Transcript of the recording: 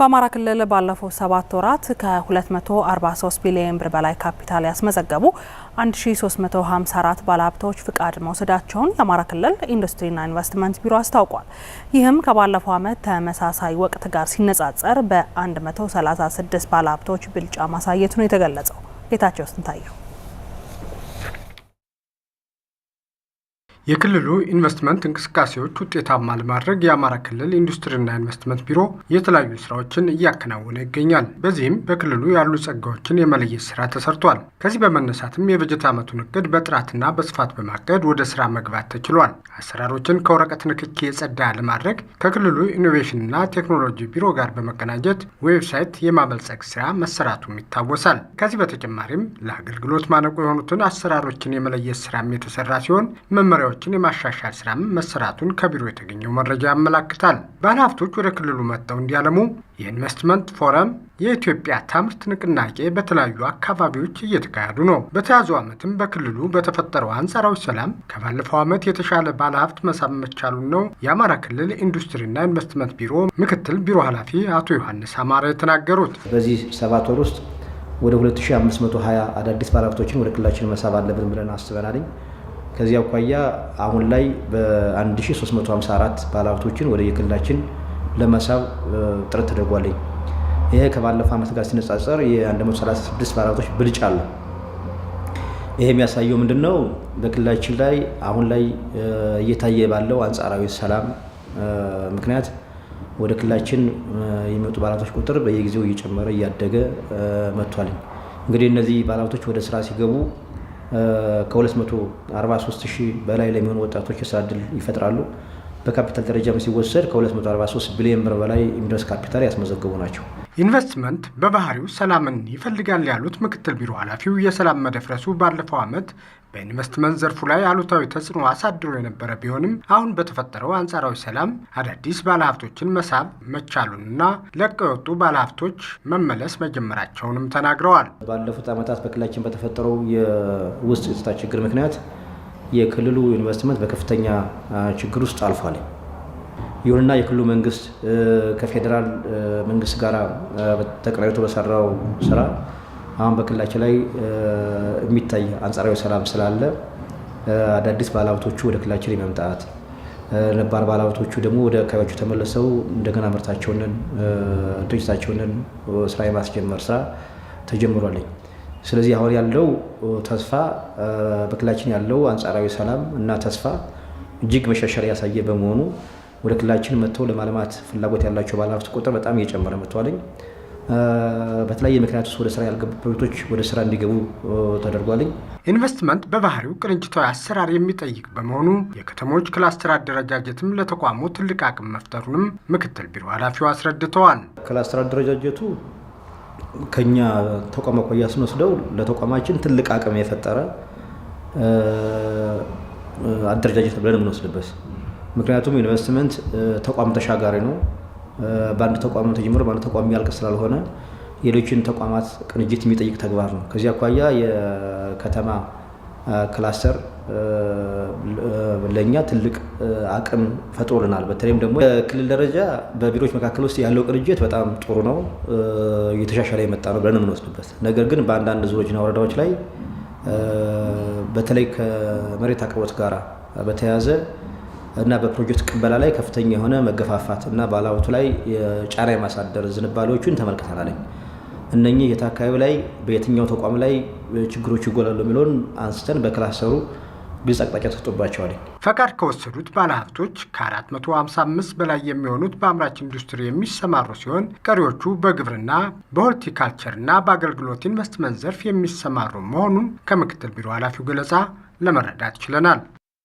በአማራ ክልል ባለፉት ሰባት ወራት ከ243 ቢሊዮን ብር በላይ ካፒታል ያስመዘገቡ 1354 ባለሀብታዎች ፍቃድ መውሰዳቸውን የአማራ ክልል ኢንዱስትሪና ኢንቨስትመንት ቢሮ አስታውቋል። ይህም ከባለፈው ዓመት ተመሳሳይ ወቅት ጋር ሲነጻጸር በ136 ባለሀብታዎች ብልጫ ማሳየቱ ነው የተገለጸው። ጌታቸው ስንታየው የክልሉ ኢንቨስትመንት እንቅስቃሴዎች ውጤታማ ለማድረግ የአማራ ክልል ኢንዱስትሪና ኢንቨስትመንት ቢሮ የተለያዩ ስራዎችን እያከናወነ ይገኛል። በዚህም በክልሉ ያሉ ጸጋዎችን የመለየት ስራ ተሰርቷል። ከዚህ በመነሳትም የበጀት ዓመቱን እቅድ በጥራትና በስፋት በማቀድ ወደ ስራ መግባት ተችሏል። አሰራሮችን ከወረቀት ንክኪ የጸዳ ለማድረግ ከክልሉ ኢኖቬሽንና ቴክኖሎጂ ቢሮ ጋር በመቀናጀት ዌብሳይት የማበልጸግ ስራ መሰራቱም ይታወሳል። ከዚህ በተጨማሪም ለአገልግሎት ማነቆ የሆኑትን አሰራሮችን የመለየት ስራም የተሰራ ሲሆን መመሪያዎች ጉዳዮችን የማሻሻል ስራም መሰራቱን ከቢሮ የተገኘው መረጃ ያመላክታል። ባለሀብቶች ወደ ክልሉ መጥተው እንዲያለሙ የኢንቨስትመንት ፎረም፣ የኢትዮጵያ ታምርት ንቅናቄ በተለያዩ አካባቢዎች እየተካሄዱ ነው። በተያዙ ዓመትም በክልሉ በተፈጠረው አንጻራዊ ሰላም ከባለፈው ዓመት የተሻለ ባለሀብት መሳብ መቻሉን ነው የአማራ ክልል ኢንዱስትሪና ኢንቨስትመንት ቢሮ ምክትል ቢሮ ኃላፊ አቶ ዮሐንስ አማራ የተናገሩት በዚህ ሰባት ወር ውስጥ ወደ 2520 አዳዲስ ባለሀብቶችን ወደ ክልላችን መሳብ አለብን ብለን አስበናልኝ ከዚህ አኳያ አሁን ላይ በ1354 ባለሀብቶችን ወደ የክልላችን ለመሳብ ጥረት ተደርጓለኝ። ይሄ ከባለፈው ዓመት ጋር ሲነጻጸር የ136 ባለሀብቶች ብልጫ አለ። ይሄ የሚያሳየው ምንድን ነው? በክልላችን ላይ አሁን ላይ እየታየ ባለው አንጻራዊ ሰላም ምክንያት ወደ ክልላችን የሚመጡ ባለሀብቶች ቁጥር በየጊዜው እየጨመረ እያደገ መጥቷል። እንግዲህ እነዚህ ባለሀብቶች ወደ ስራ ሲገቡ ከ243 ሺህ በላይ ለሚሆኑ ወጣቶች የስራ እድል ይፈጥራሉ። በካፒታል ደረጃም ሲወሰድ ከ243 ቢሊዮን ብር በላይ የሚደርስ ካፒታል ያስመዘገቡ ናቸው። ኢንቨስትመንት በባህሪው ሰላምን ይፈልጋል ያሉት ምክትል ቢሮ ኃላፊው የሰላም መደፍረሱ ባለፈው ዓመት በኢንቨስትመንት ዘርፉ ላይ አሉታዊ ተጽዕኖ አሳድሮ የነበረ ቢሆንም አሁን በተፈጠረው አንጻራዊ ሰላም አዳዲስ ባለሀብቶችን መሳብ መቻሉንና ለቀው የወጡ ባለሀብቶች መመለስ መጀመራቸውንም ተናግረዋል። ባለፉት ዓመታት በክልላችን በተፈጠረው የውስጥ ጸጥታ ችግር ምክንያት የክልሉ ኢንቨስትመንት በከፍተኛ ችግር ውስጥ አልፏል። ይሁንና የክልሉ መንግስት ከፌዴራል መንግስት ጋር ተቀናጅቶ በሰራው ስራ አሁን በክልላችን ላይ የሚታይ አንጻራዊ ሰላም ስላለ አዳዲስ ባለሀብቶቹ ወደ ክልላችን የመምጣት ነባር ባለሀብቶቹ ደግሞ ወደ አካባቢዎቹ ተመልሰው እንደገና ምርታቸውን ድርጅታቸውን ስራ የማስጀመር ስራ ተጀምሯለኝ። ስለዚህ አሁን ያለው ተስፋ በክልላችን ያለው አንጻራዊ ሰላም እና ተስፋ እጅግ መሻሻል ያሳየ በመሆኑ ወደ ክልላችን መጥተው ለማልማት ፍላጎት ያላቸው ባለሀብት ቁጥር በጣም እየጨመረ መጥተዋለኝ። በተለያየ ምክንያት ወደ ስራ ያልገቡ ፕሮጀክቶች ወደ ስራ እንዲገቡ ተደርጓል። ኢንቨስትመንት በባህሪው ቅንጅታዊ አሰራር የሚጠይቅ በመሆኑ የከተሞች ክላስተር አደረጃጀትም ለተቋሙ ትልቅ አቅም መፍጠሩንም ምክትል ቢሮ ኃላፊው አስረድተዋል። ክላስተር አደረጃጀቱ ከኛ ተቋም አኳያ ስንወስደው ለተቋማችን ትልቅ አቅም የፈጠረ አደረጃጀት ብለን የምንወስድበት ምክንያቱም ኢንቨስትመንት ተቋም ተሻጋሪ ነው። በአንድ ተቋም ተጀምሮ በአንድ ተቋም የሚያልቅ ስላልሆነ የሌሎችን ተቋማት ቅንጅት የሚጠይቅ ተግባር ነው። ከዚህ አኳያ የከተማ ክላስተር ለእኛ ትልቅ አቅም ፈጥሮልናል። በተለይም ደግሞ የክልል ደረጃ በቢሮዎች መካከል ውስጥ ያለው ቅንጅት በጣም ጥሩ ነው፣ እየተሻሻለ የመጣ ነው ብለን የምንወስድበት። ነገር ግን በአንዳንድ ዞኖችና ወረዳዎች ላይ በተለይ ከመሬት አቅርቦት ጋር በተያያዘ እና በፕሮጀክት ቅበላ ላይ ከፍተኛ የሆነ መገፋፋት እና ባለሀብቱ ላይ ጫና የማሳደር ዝንባሌዎቹን ተመልክተናል። እነኚህ የት አካባቢ ላይ በየትኛው ተቋም ላይ ችግሮች ይጎላሉ የሚለውን አንስተን በክላሰሩ ግልጽ አቅጣጫ ተሰጥቶባቸዋል። ፈቃድ ከወሰዱት ባለሀብቶች ከ455 በላይ የሚሆኑት በአምራች ኢንዱስትሪ የሚሰማሩ ሲሆን ቀሪዎቹ በግብርና በሆርቲካልቸርና በአገልግሎት ኢንቨስትመንት ዘርፍ የሚሰማሩ መሆኑን ከምክትል ቢሮ ኃላፊው ገለጻ ለመረዳት ችለናል።